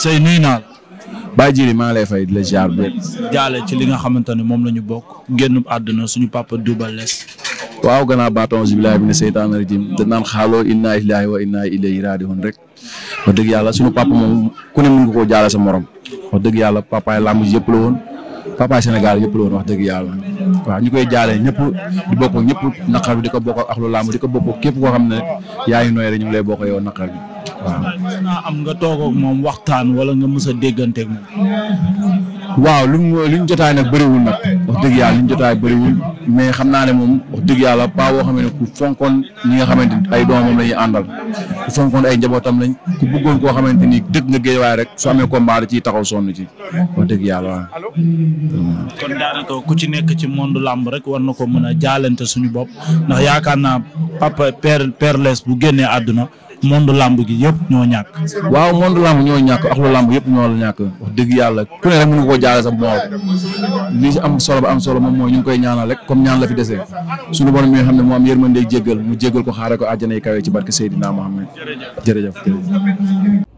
sëy nuyu naa la. Baye Djili maa lay fay di jaale ci li nga xamante ne moom la ñu bokk génn àdduna suñu papa Double Less. waaw gannaaw baatoon si bilaay bi ne seytaan rajim da naan xaaloo inna ilaahi wa inna ilayhi raadiun rek wax dëgg yàlla suñu papa moom ku ne mën nga koo jaale sa morom wax dëgg yàlla papaay làmb yëpp la woon papaay Sénégal yëpp la woon wax dëgg yàlla waaw ñu koy jaale ñëpp di bokk ñëpp naqar bi di ko bokk ak lu làmb di ko bokk képp koo xam ne yaa ngi nooy rek bokk yow naqar waaw nga toog moom waxtaan wala nga mës a dégganteeg moom. waaw lu mu lu ñu jotaay nag bëriwul nag wax dëgg yàlla lu ñu jotaay bëriwul mais xam naa ne moom wax dëgg yàlla paa boo xam ne ku fonkoon ñi nga xamante ni ay doomam la àndal ku fonkoon ay njabootam lañ ku bëggoon koo xamante ni dëgg nga géewaay rek su amee combat da ciy taxaw sonn ci wax dëgg yàlla waaw. kon daanaka ku ci nekk ci monde làmb rek war na ko mën a jaalante suñu bopp ndax yaakaar naa papa père père les bu génnee àdduna monde làmb gi yëpp ñoo ñàkk. waaw monde lamb ñoo ñàkk ak lu làmb yëpp ñoo ñàkk wax dëgg yàlla ku ne rek mënu ko jaale sa moom li si am solo am solo moom mooy ñu ngi koy ñaanal rek comme ñaan la fi dese suñu borom mi nga xam ne moo am yërmande jéggal mu jéggal ko xaare ko àjjana yi kawe ci barke Seydina Muhammad jërëjëf jërëjëf